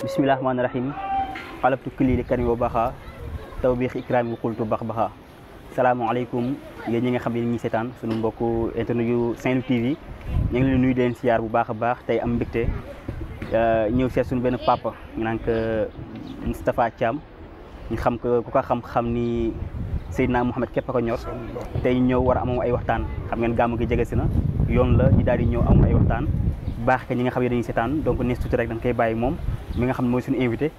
Bismillahirrahmanirrahim. Qalb rahim qalabtu kulli li karim wa baxa tawbiix ikraam xultu bax baxa salaamaaleykum yéen ya, ñi nga xam ñi seetaan mbokku internet yu Saint-Louis TV Ñi ngi leen nuyu den leen bu baax baax tay am Euh ñew sét suñu ben papa ñu Mustafa ko Moustapha Thiam ñu xam ko ku ko xam-xam ni Seydina Mouhamed képp ko ñor tey ñëw war a amoon ay waxtaan xam ngeen gàmmu gi jege si na yoon la ñu daal di ñëw amoon ay waxtaan baax ke ñi nga xam ne dañuy seetaan donc nees tuuti rek dañ koy bàyyi moom mi nga xam ne mooy suñu invité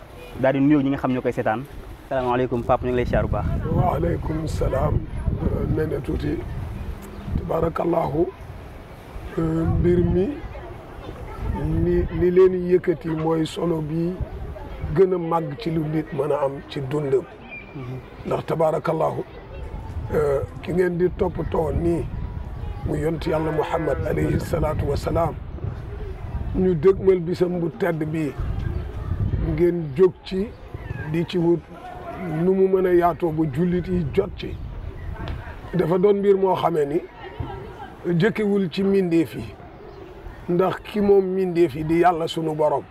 daal di nuyu ñi nga xam ñoo koy seetaan salaamaaleykum papa ñu ngi lay siyaar bu baax waaleykum salaam nee na tuuti tabaarakallaahu mbir mi li li leen yëkkati mooy solo bi gën a màgg ci lu nit mën a am ci dundam ndax tabaarakallaahu euh, ki ngeen di toppatoo nii mu yont yàlla muhammad alayhi salaatu wa ñu dëgmal bisa bu tedd bii ngeen jóg ci di ci wut nu mën a yaatoo ba jullit yi jot ci dafa doon mbir moo xame ni jëkkewul ci mindeef ndax ki moom mindeef yi di yàlla sunu borom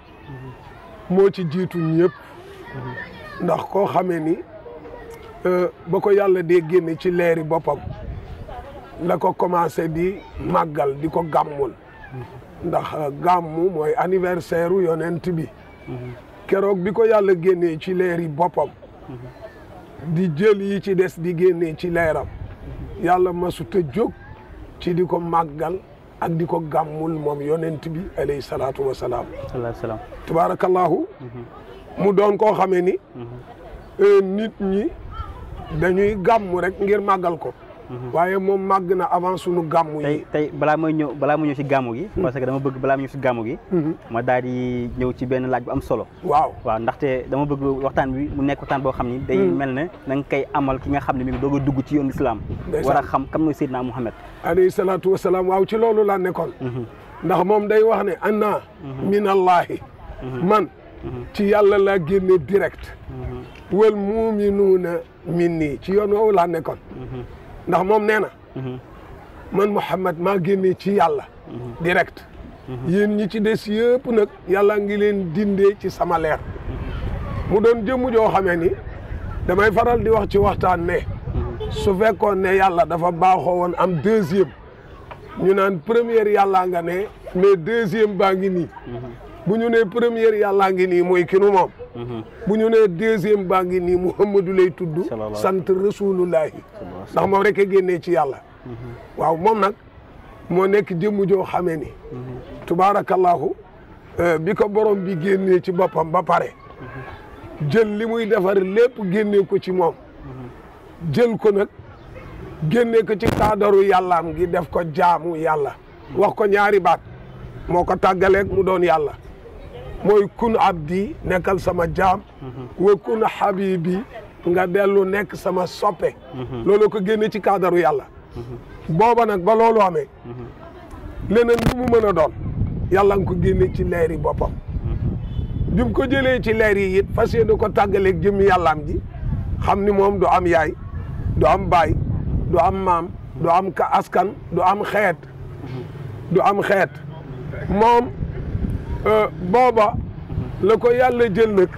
moo ci jiitu ñëpp ndax koo xamee ni Euh, ba ko yàlla dee génne ci leeri boppam la ko commencé di màggal di ko gàmmul ndax gàmmu mooy anniversaire u yonent bi keroog bi ko yàlla génnee ci leeri boppam di jël yi ci des di génnee ci leeram yàlla masut a jóg ci di ko màggal ak di ko gàmmul moom yonent bi alayhi salaatu wa mm-hmm. mu doon koo xamee ni mm-hmm. euh, nit ñi dañuy gàmmu rek ngir màggal ko. Mhm. waaye moom màgg na avant sunu gàmm yi. tey balaa may ñëw balaa ma ñëw si gàmm gi. Mhm. parce que dama bëgg balaa ma si gàmm gi. Mhm. ma daal di ñëw ci benn laaj bu am solo. waaw waaw ndaxte dama bëgg waxtaan bi mu nekk waxtaan boo xam ni. day mel ne na nga amal ki nga xam ne mii ngi doog dugg ci yoonu islam. war a xam kam mooy Seydina Muhammad. alayhi salaatu wa salaam waaw ci loolu laa nekkoon. ndax moom day wax ne anna. minallaahi man. ci yàlla laa génne direct. wal muuminuuna minni ci yoon woowu laa nekkoon. Mhm. ndax moom nee na. Mhm. man Mouhamed maa génnee ci yàlla. Mhm. direct. yéen ñi ci de yëpp nag yàlla ngi leen dindee ci sama leer. mu doon jëm joo xamee ni damay faral di wax ci waxtaan ne. su fekkoon ne yàlla dafa baaxoo woon am deuxième. ñu naan première yàllaa nga ne mais deuxième baa ngi nii. bu ñu nee première yàllaa ngi nii mooy kinu moom. bu ñu nee deuxième baa ngi nii Muhammadu lay tudd sant rasulullahi ndax moom rek a génnee ci yàlla waaw moom nag moo nekk jëmm joo xamee ni tubaarakallaahu euh, bi ko borom bi génnee ci boppam ba pare jël li muy defar lépp génnee ko ci moom jël ko nag génnee ko ci kaadaru yàllaam gi def ko jaamu yàlla wax ko ñaari baat moo ko tàggaleeg mu doon yàlla mooy kun abdi nekkal sama jaam mm-hmm. wa kun habibi nga dellu nekk sama soppe mm-hmm. loolu ko génne ci kaadaru yàlla mm-hmm. booba nag ba loolu amee leneen lu mu mën a doon yàlla nga ko génne ci leeri boppam bi mu ko jëlee ci leer yi fa fas yéene ko tàggaleeg jëmmi yàllaam ji xam ni moom du am yaay du am baay du am maam du am askan du am xeet du am xeet moom Euh, booba mhm. la ko yàlla jël nag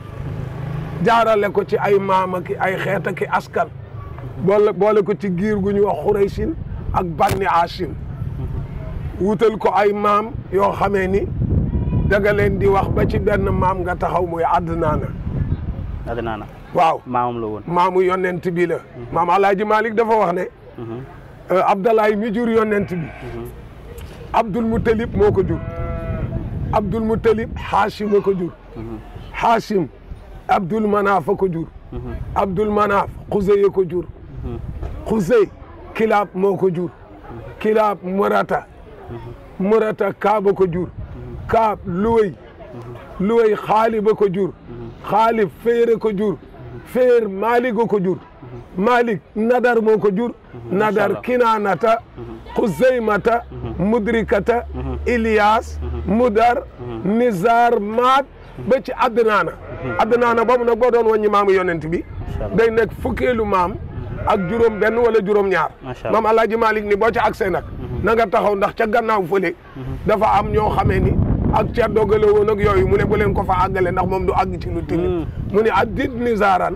jaarale ko ci ay maam ak ay xeet ak askan mhm. boole boole ko ci giir gu ñuy wax xuraysin ak banni asim mhm. wutal ko ay maam yoo xamee ni danga leen di wax ba ci benn maam nga taxaw muy adnaana adnaana waaw maamam la woon maamu yonnent bi la maam alaaji malik dafa wax ne euh, abdalaay mi jur yonent bi abdul mutalib moo ko jur Abdul Muttalib Hachim jur. Mhm. Hachim Abdul Manaaf jur. Mhm. Abdul Manaaf Xusey jur. Xusey mhm. Kilaab moo jur. Kilaab Murata. Murata Kaab a jur. Kaab Luwey. Luwey Xaalib a jur. Xaalib Féer a jur. Féer Malik a jur. Malik Nadar moo jur. Nadar Kinaanata. Xuseymata. Mudrikata. Ilias. mudar hmm. nizar maat hmm. ba ci addanaana hmm. addanaana boobu nag boo doon wàññi maamu yonent bi day nekk fukkeelu maam ak juróom benn wala juróom ñaar maam alaaji Malick ni boo ca accès nag na nga taxaw ndax ca gannaaw fële dafa am ñoo xamee ni ak ca dogale woon ak yooyu mu ne bu leen ko fa àggale ndax moom du àgg ci lu tilim mu ne addit nizaaran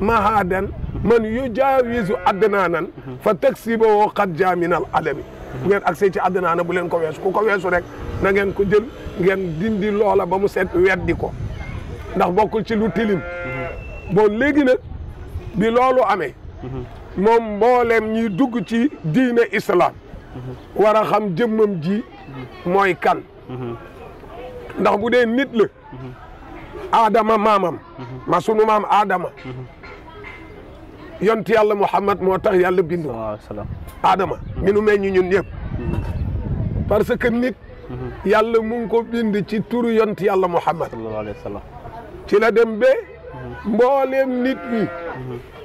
mahaadan man yu jaawisu addinaanan fa taksibo woo xat jaaminal alami bu ngeen accès ci àddinaa bu leen ko weesu ku ko weesu rek na ngeen ko jël ngeen dindi loola ba mu set weddi ko ndax bokkul ci lu tilim bon léegi nag bi loolu amee moom mbooleem ñi dugg ci diine islam war a xam jëmmam ji mooy kan ndax bu dee nit la aadama maamam ma sunu maam aadama yont yàlla Muhammad moo tax yàlla bindu Adama mi nu meññ ñun ñëpp mm-hmm. parce que nit mm-hmm. yàlla mu ko bind ci turu yont yàlla Muhammad ci la dem ba mm-hmm. mbooleem nit ñi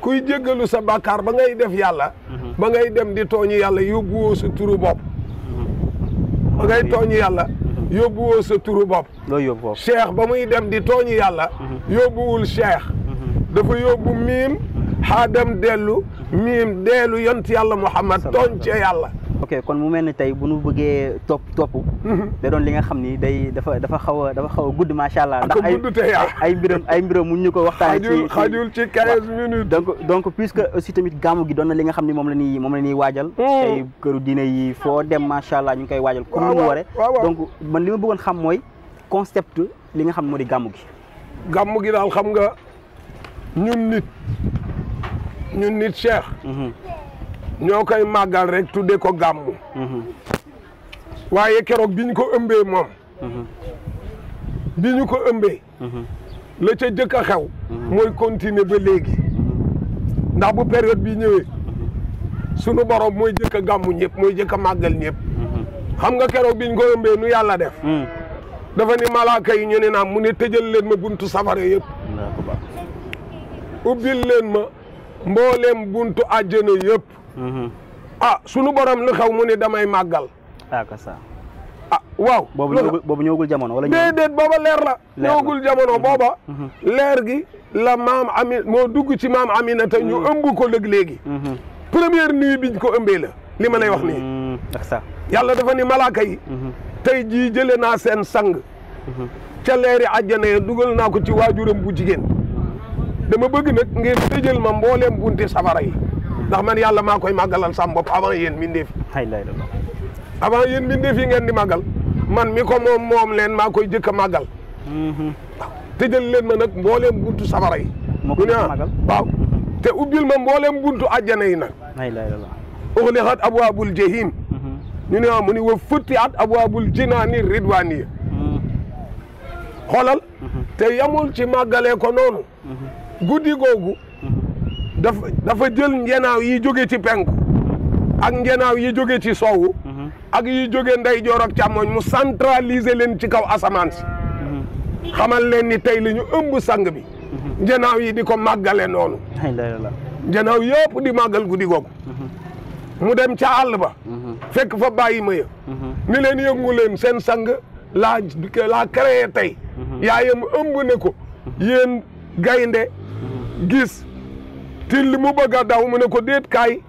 kuy jéggalu sa bàkkaar ba ngay def yàlla ba ngay dem di tooñu yàlla yóbbuwoo sa turu bopp ba ngay tooñu yàlla yóbbuwoo sa turu bopp cheikh ba muy dem di tooñu yàlla yóbbuwul cheikh dafa yóbbu miim dem dellu miim deelu yont yàlla muhammad tooñce yàlla ok kon mu mel ni tey bu nu buggee topp topp mhm. da doon li nga xam ni day dafa dafa xaw a dafa xaw a gudd macha allah ndax ay ay mbiram ay mbiram mun ñu ko waxtaane ci xajul ci quinze minutes tamit gàmmu gi doon na li nga xam ni moom la ñuy moom ñuy waajal mm. tey këru diine yi foo dem macha allah ñu ngi koy waajal comme ni mu waree donc man li ma bëggoon xam mooy concept li nga xam moo di gàmmu gi gàmmu gi daal xam nga ñun nit ñun nit Cheikh. Mhm. ñoo koy màggal rek tuddee ko gàmmu. Mhm. waaye keroog bi ñu ko ëmbee moom. Mhm. bi ñu ko ëmbee. la ca jëkk a xew. mooy continuer ba léegi. ndax bu période bi ñëwee. sunu borom mooy jëkk a gàmmu mooy jëkk a màggal ñëpp. xam nga keroog biñ ko ëmbee nu yàlla def. dafa ni malaaka yi ñu ne naam mu ne tëjal leen ma buntu safara yëpp. ubbil ma. mbooleem buntu àjjana yépp mhm. ah sunu borom lu xew mu ne damay màggal. a ah, waaw. loolu boobu ñëwagul jamono wala. déedéet booba leer la. ñëwagul jamono mhm. booba. Mhm. leer gi la maam ami moo dugg ci maam Aminata ñu ëmb ko lëg léegi. premier nuit biñ ko ëmbee la li ma lay wax nii. yàlla dafa ni malaaka yi. tey jii jëlee naa seen sang. ca leeri àjjana ya dugal naa ko ci waajuram bu jigéen. dama bëgg nag ngi tëjal ma mbooleem bunti safara yi ndax man yàlla maa koy màggalal sam bopp avant yéen mbindeef yi avant yéen mbindeef yi ngeen di màggal man mi ko moom moom leen maa koy jëkk a màggal mm-hmm. waaw leen ma nag mbooleem buntu safara yi du mm-hmm. te ubbil ma mbooleem buntu àjjana yi nag uxlixat abwaabul jahim mm-hmm. ñu ne ah, mu ni wa fëtti at abwaabul jinaani ridwaani xoolal te yamul ci màggalee ko noonu guddi googu dafa dafa jël ngenaaw yi jóge ci penk ak ngenaaw yi jóge ci soowu ak yi jóge ndeyjoor ak càmmoñ mu centraliser leen ci kaw asamaan si xamal leen ni tey la ñu ëmb sang bi ngenaaw yi di ko màggale noonu ngenaaw yëpp di màggal guddi googu mu dem ca àll ba fekk fa bàyyi ma ya ni leen yëngu leen seen sang laa laa créé tey mhm. yaayam ëmb ne ko yéen gaynde gis til li mu bëgg a daw mu ne ko déet kaay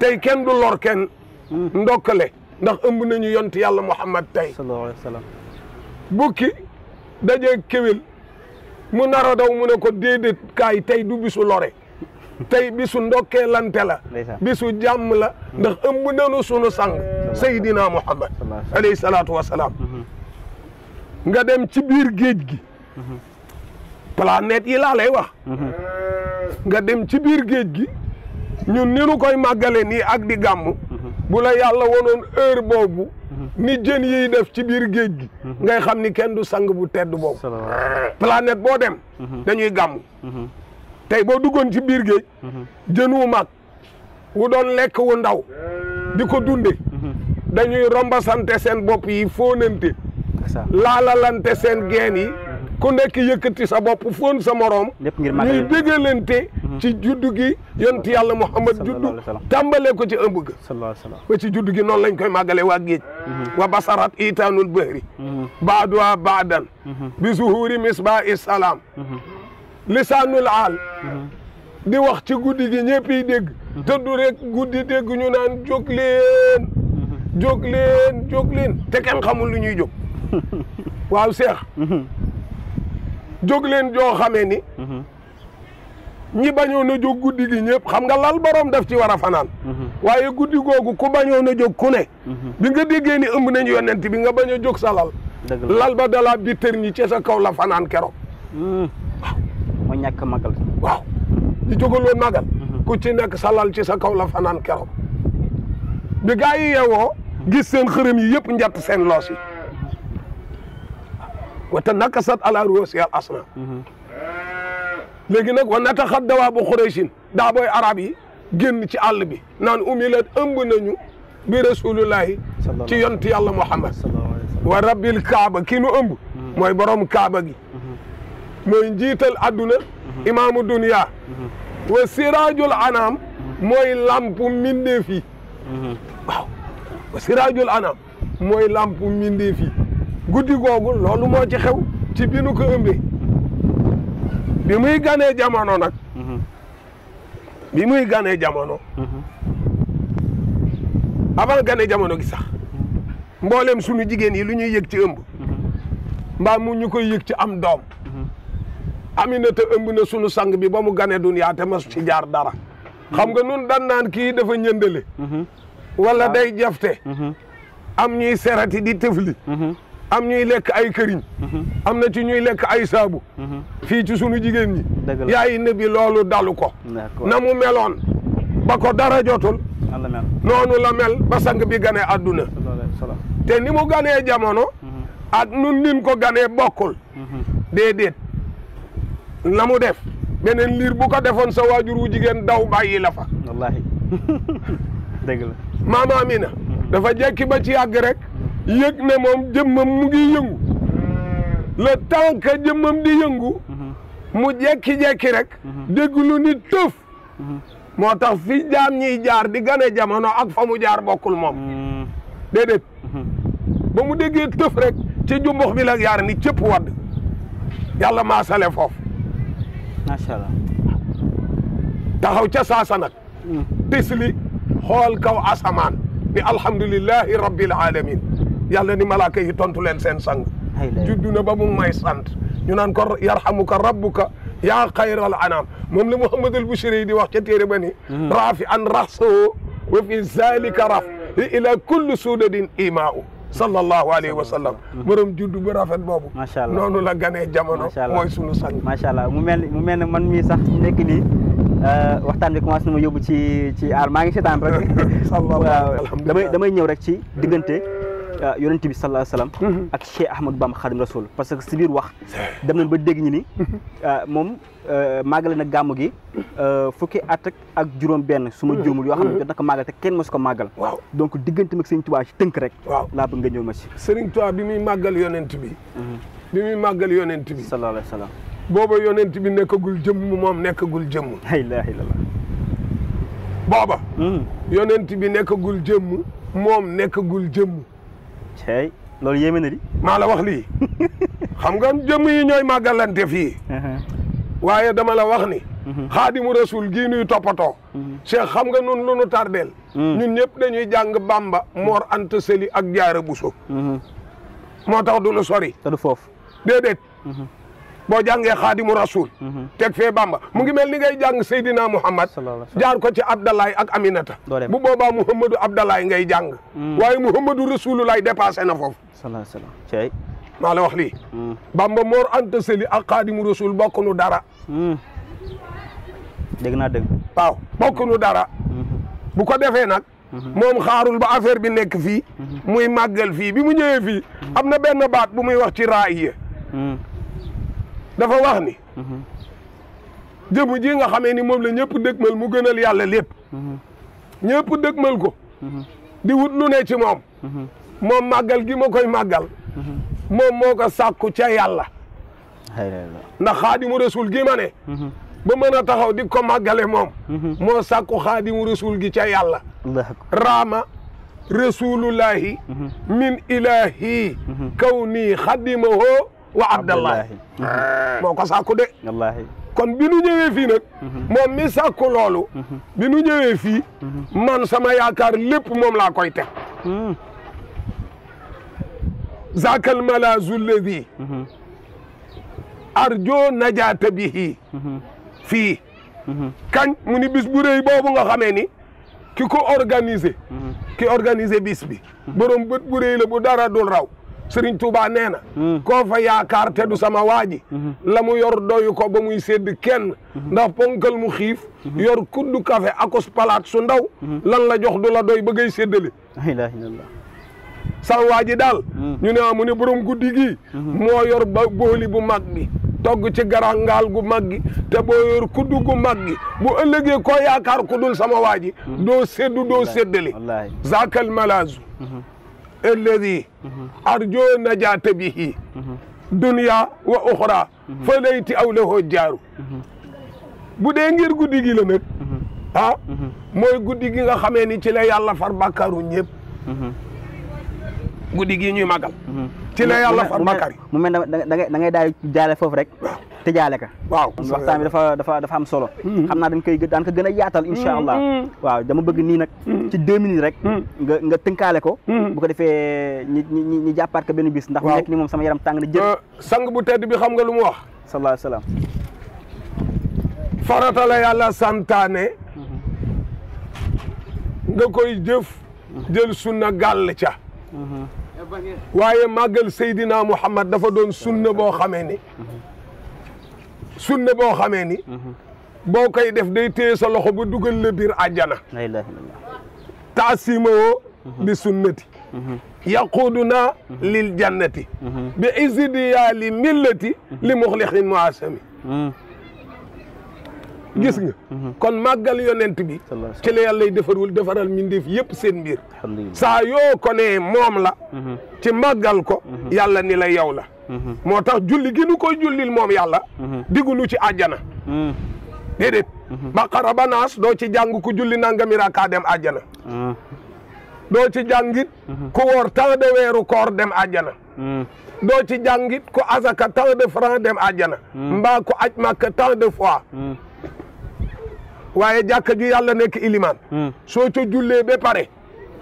tey kenn du lor kenn ndokkale ndax ëmb nañu yont yàlla muhammad tey sallallahu alayhi wa sallam bukki dajee kéwél mu nara a daw mu ne ko déedéet kaay tey du bisu lore tey bisu lante la bisu jàmm la ndax ëmb nañu sunu sang saydina muhammad alayhi salaatu wa salaam nga dem ci biir géej gi mm-hmm. planète yi la lay wax nga dem ci bir geej gi ñun ni ñu koy magalé ni ak di gam bu la yalla wonon heure bobu ni jeen yi def ci bir geej gi ngay xam ni kenn du sang bu tedd bobu planète bo dem dañuy gam tay bo duggoon ci bir geej jeen wu mag wu don lek wu ndaw di dundé dunde dañuy rombasante sen bop yi la lanté sen geen yi ku nekk yëkkati sa bopp fóon sa moroom ñuy déggalante mhm. ci juddu gi yonti yàlla Muhammad juddu tàmbalee ko ci ëmb ga ba ci juddu gi noonu lañ koy màggale waa géej mhm. wa basarat itaanul bahri mhm. baaduwa baadan bi zuhuri misbaa isalaam lisaanul aal di wax ci guddi gi ñëpp yi dégg rek guddi dégg ñu naan jóg leen jóg leen jóg leen te kenn xamul lu ñuy jóg waaw Joglen len jo xamé ni mhm. ñi bañu na jog guddi gi ñëpp xam nga lal borom daf ci wara fanan waye mhm. waaye guddi googu ku bañu na jog ku ne mhm. bi nga déggé ni ëmb nañu yonent bi nga bañu jog salal sa lal ba dala bi tër ñi ci sa kaw la fanaan kéro mo ñak magal waaw ñi won magal ku ci sa ci sa kaw la fanaan kéro bi gaay yéwo gis seen xërem yi yépp ñatt seen وتنكست على رؤوسها الاصنام. لكنك ونتخذ دواب قريشين دابوي عربي جن تي البي نان اميلت امبنانيو برسول الله تي ينتي الله محمد ورب الكعبه كينو امب موي بروم كعبه موي نجيت الادنى امام الدنيا وسراج الانام موي لامب مندي في وسراج الانام موي لامب مندي في guddi googu loolu moo ci xew ci bi nu ko ëmbee bi muy gane jamono nag bi muy ganee jamono abal ganee jamono gi sax mboolem sunu jigéen yi lu ñuy yëg ci ëmb mbaa mu ñu ko yëg ci am doom Aminata ëmb na sunu sang bi ba mu ganee duniyaa te masu ci jaar dara xam nga nun dan naan kii dafa ñëndale wala day jafte am ñuy serati di tëfli am ñuy lekk ay këriñ mhm. am na ci ñuy lekk ay saabu mhm. fii ci sunu jigéen ñi yaayi ne loolu dalu ko na mu meloon ba ko dara jotul noonu la mel ba sang bi ganee adduna te ni mu ganee jamono mhm. ak nun nin ko ganee bokkul déedéet na mu def beneen liir bu ko defoon sa waajur wu jigéen daw bàyyi la fa wallaahi dëgg dafa jekki ba ci yàgg yek ne mom jëmmam mu ngi yëngu le temps que jëmmam di yëngu mhm. mu jekki-jekki rek mhm. deglu ni teuf motax mhm. fi jaam ñi jaar di gane jamono ak fa mu jaar bokul mom déedéet ba mu déggee teuf rek ci jumbox bi la yar ni cëpp wadd yàlla allah taxaw ci saasa nak tisli xool kaw asaman ni alhamdulillahi rabbil alamin yàlla ni malaaka yi tontu leen seen sang juddu na ba mu may sant ñu naan ko yarhamuka rabbuka yaa xayral anam moom la Mouhamadul Bouchiri di wax ca téere ba ni hmm. raafi an raxsahu wa fi zalika raf ila kulli suudadin imaa'u sallallahu alayhi wa sallam hmm. borom juddu bu rafet boobu macha allah noonu la ganee jamono mooy sunu macha allah mu mel mu mel ne man mii sax nekk nii euh, waxtaan bi commencé na ma yóbbu ci ci aar maa ngi seetaan rek waaw damay damay ñëw rek ci diggante Euh, yonent bi sallallahu alayhi wasallam mhm. ak Cheikh Ahmadou Bamba Khadim Rasoul parce que si biir wax dem nañ ba dégg ñi ni mhm. euh, moom euh, màggale na gàmm gi mhm. fukki at ak juróom benn su ma juumul yoo xam ne na ko màggal te kenn mosu ko màggal waaw donc diggante mag Serigne Touba ci tënk rek waaw laa bëgg nga ñëw ma ci Serigne Touba bi muy màggal yonent bi bi muy màggal yonent bi sallallahu alayhi wasallam booba yonent bi nekkagul jëmm moom nekkagul jëmm la ilaha illallah booba bi nekkagul jëmm moom nekkagul jëmm cey loolu yéeme na di. maa la wax lii xam nga jëm yi ñooy màggalante fii. Uh-huh. waaye dama la wax ni. Uh-huh. xaadimu rasul gii nuy toppatoo. Uh-huh. Cheikh xam nga nun lu nu tardeel. ñun ñëpp dañuy jàng Bamba Mor Anta Sali ak Jaara Buso moo tax du lu sori. te du foofu déedéet. boo jàngee xaadimu rasul mhm. teg fee bamba mu ngi mel ni ngay jàng Seydina Muhammad jaar ko ci Abdalaay ak Aminata bu boobaa Muhammadu Abdalaay ngay jàng mm. waaye Muhammadu Rasulullaay dépassé na foofu salaam maa la wax lii mm. bamba moor anta seli ak xaadimu rasul bokk nu dara mm. naa dégg waaw dara mm-hmm. bu ko defee nag mm-hmm. moom xaarul ba affaire bi nekk fii mm-hmm. muy màggal fii bi mu ñëwee fii am na benn baat bu muy wax ci yi dafa wax ni ji nga xame ni moom la ñëpp dëgmal mu gënal yàlla lépp ñëpp dëgmal ko di wut lu ne ci moom moom màggal gi ma koy màggal moom moo ko sàkku ca yàlla ndax xaadimu rasul gi ma ne ba mën taxaw di ko màggale moom moo sàkku xaadimu rasul gi ca yàlla raama rasulullahi min ilahi kaw nii xaadimahu wa abdallahi ah. moo ko sàkku de kon bi nu ñëwee fii nag mhm. moom mi sàkku loolu mhm. bi nu ñëwee fii mhm. man sama yaakaar lépp moom laa koy teg hmm. zakal malazu lladi arjo najaata bihi fii kañ mu ni bis bu rëy boobu nga xamee ni ki ko organisé ki organisé bis bi borom bët bu rëy la bu dara dul raw Serigne Touba nee na. Hmm. koo fa yaakaar te du sama waaji hmm. la mu yor doyu ko ba muy sédd kenn. Hmm. ndax ponkal mu xiif. yor kuddu café akos palaat su ndaw. lan la jox du la doy ba ngay séddale. sama waaji daal. ñu ne amu ah, ne borom guddi gii. moo yor ba booli bu mag bi. togg ci garangaal gu mag gi te boo yor kuddu gu mag gi bu ëllëgee koo yaakaar ku dul sama waaji doo séddu doo séddale. zaakal malaazu. الذي أرجو نجاة به دنيا وأخرى فليت أو له جار bu dee ngir guddi gi la nag ah mooy guddi gi nga xamee ni ci la yàlla far bàkkaaru ñëpp guddi ñuy màggal ci la yàlla far bàkkaar mu mel da ngay da ngay daal jaale foofu rek tëjaale ka waaw waxtaan dafa dafa dafa am solo hmm. xam naa dañ koy daan ko gën a yaatal hmm. incha allah hmm. waaw dama bëgg nii nag ci deux rek nga tënkaale ko bu ko defee ñi ñi ñi jàppaat ko benn bis ndax mu nekk ni moom sama yaram tàng na jël euh, sang bu tedd bi xam nga lu mu wax sallallahu alayhi wa sallam la yàlla santaane nga koy jëf jël sunna gàll ca waaye màggal Seydina Muhammad dafa doon sunna boo xamee ni sunna boo xamee ni boo koy def day téye sa loxo ba dugal la biir àjjana la ilaha illallah taasima woo bi sunnati yaquduna lil jannati bi izidi yaa li millati li muxlixin muasami gis nga mhm. kon màggal yonent bi ci la yàlla defarul defaral mbindeef yëpp sen mbir saa yoo ko nee moom la mhm. ci màggal ko mhm. yàlla ni la yow la moo tax julli gi nu koy jullil moom yàlla digunu ci àjjana déedéet baqara ba doo ci jàng ku julli nangami raka dem àjjana ci jàngit ku woor temps de weeru koor dem àjjana doo ci jàngit ku asaka tant de franc dem àjjana mbaa ku aj màkk tant de fois waye jakk ju yàlla nek iliman so ci julle be pare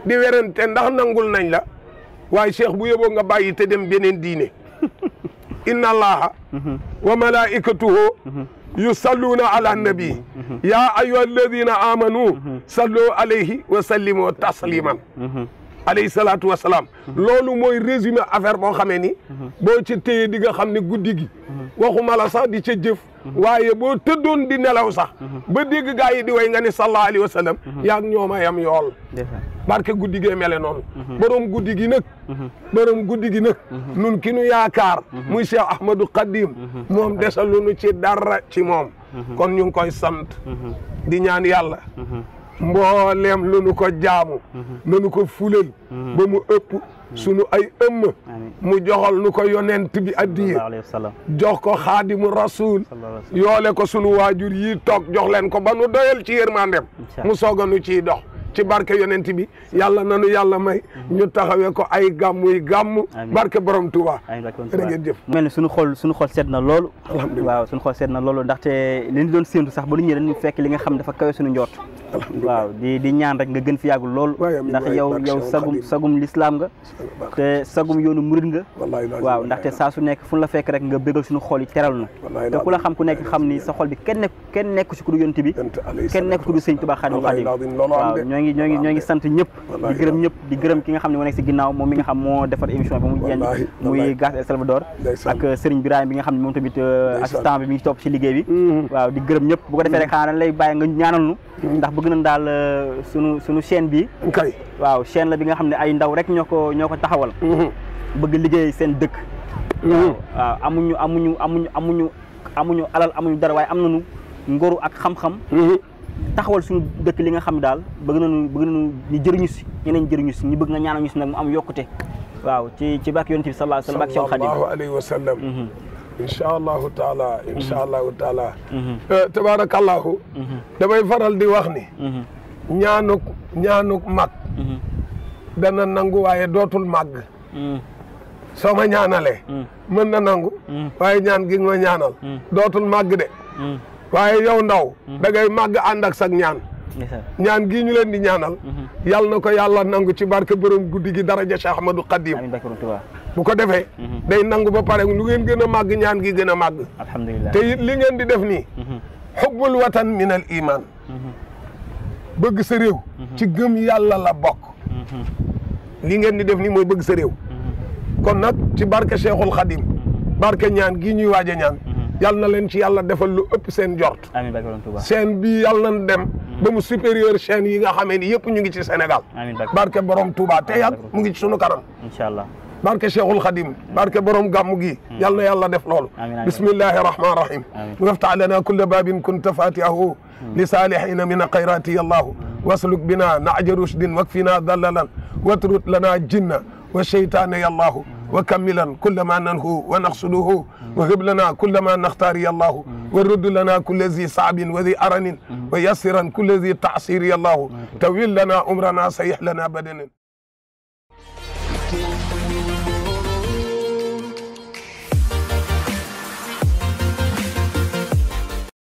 di werante ndax nangul nañ la waye cheikh bu yebo nga bàyyi te dem benen diine inna allaha wa malaikatuhu يصلون على النبي يا ايها الذين امنوا صلوا عليه وسلموا تسليما alayhi salaatu salaam. loolu mooy résumé affaire boo xamee ni. boo ci téye di nga xam ne guddi gi. waxuma la sax di ca jëf. waaye boo tëddoon di nelaw sax. ba dégg gaa yi di way nga ni sallallahu alayhi wa sallam. yaa ngi ñoom a yam yool. barke guddi gee mele noonu. Mhm. borom guddi gi nag. Mhm. guddi gi nag. Mhm. nun ki nu yaakaar. muy Cheikh Ahmadou Khadim. moom desaluñu ci dara ci moom. kon ñu ngi koy sant. di ñaan yàlla. mbooleem lu nu ko jaamu mm-hmm. nanu ko fulal mm-hmm. ba mu ëpp mm-hmm. sunu ay ëmm mu joxal nu ko yonent bi addiya jox ko xaadimu rasul yoole ko sunu waajur yi toog jox leen ko ba nu doyal ci yërmandem mu soog a nu ci dox ci barke yonent bi yàlla nanu yàlla may ñu taxawee ko ay gàmmuy gàmm barke borom Touba ngeen jëf mel ni suñu xool suñu xool seet na loolu waaw suñu xool seet na loolu ndaxte li ñu doon séentu sax ba lu ñëwee dañu fekk li nga xam dafa kawe suñu njoot waaw di di ñaan rek nga gën fi yàgg lool ndax yow yow sagum lislaam nga te sagum yoonu murit nga waaw ndaxte saa su nekk fu la fekk rek nga bégal suñu xol yi teral na te ku la xam xam ni sa xol bi kenn nekk kenn nekk ci ku du yonent bi kenn nekk ku du sëñ Tuubaa waaw ñoo ngi ñoo ngi ñoo ngi sant ñëpp di gërëm ñëpp di gërëm ki nga xam ne moo nekk si ginnaaw moom mi nga xam moo defar émission bi mu xam ne moom tamit assistant bi mi ngi topp ci liggéey bi mm-hmm. waaw di gërëm ñëpp bu ko defee rek mm-hmm. xanaa dañ lay bàyyi nga ñaanal nu mm-hmm. ndax bëgg nañ daal euh, sunu sunu chaîne bi waaw chaîne bi nga xam ne ay ndaw rek ñoo ko ñoo ko taxawal mhm. bëgg liggéey seen dëkk mhm. waaw amuñu amuñu amuñu amuñu amuñu alal amuñu dara waaye am nañu ngoru ak xam-xam mhm. taxawal suñu dëkk li nga xam daal bëgg nañu bëgg nañu ñu jëriñu si ñeneen jëriñu si ñu bëgg nga ñaanal ñu si nag mu am yokkute waaw ci ci bàkk yonent bi sallallahu alayhi wa sallam incha allahu taala incha allahu taala mm-hmm. eh, tabaarakallahu mm-hmm. damay faral di wax ni mm-hmm. ñaanuk ñaanuk mag dana nangu waaye dootul màgg soo ma ñaanalee mën na nangu waaye ñaan gi nga ma ñaanal dootul màgg de waaye yow ndaw da ngay màgg ànd ak sag ñaan ñaan gii ñu leen di ñaanal yàlla na ko yàlla nangu ci barke borom guddi gi daraja Cheikh Ahmadou Khadim bu ko defee mhm. day nangu ba pare lu ngeen gën a màgg ñaan gi gën a màgg te li ngeen di def nii xubbul mhm. watan min al iman mhm. bëgg sa réew ci gëm yàlla la bokk li ngeen di def ni mooy bëgg sa réew kon nag ci barke Cheikhul Khadim barke ñaan gi ñu waaj a ñaan yàlla na leen ci yàlla defal lu ëpp seen jort seen bi yàlla na dem ba mu supérieur chaîne yi nga xamee ni yëpp ñu ngi ci Sénégal barke borom Touba te yàgg mu ngi ci sunu kanam incha بارك الشيخ الخديم بارك بروم قاموغي يلا يلا نفلول بسم الله الرحمن الرحيم وافتع لنا كل باب كنت فاتحه لصالحين من خيراتي الله واسلك بنا نعج رشد واكفنا ذللا وترد لنا الجن والشيطان يا الله وكملا كل ما ننهو ونغسله وهب لنا كل ما نختار يا الله ورد لنا كل ذي صعب وذي أرن ويسرا كل ذي تعصير يا الله تويل لنا أمرنا صيح لنا بدن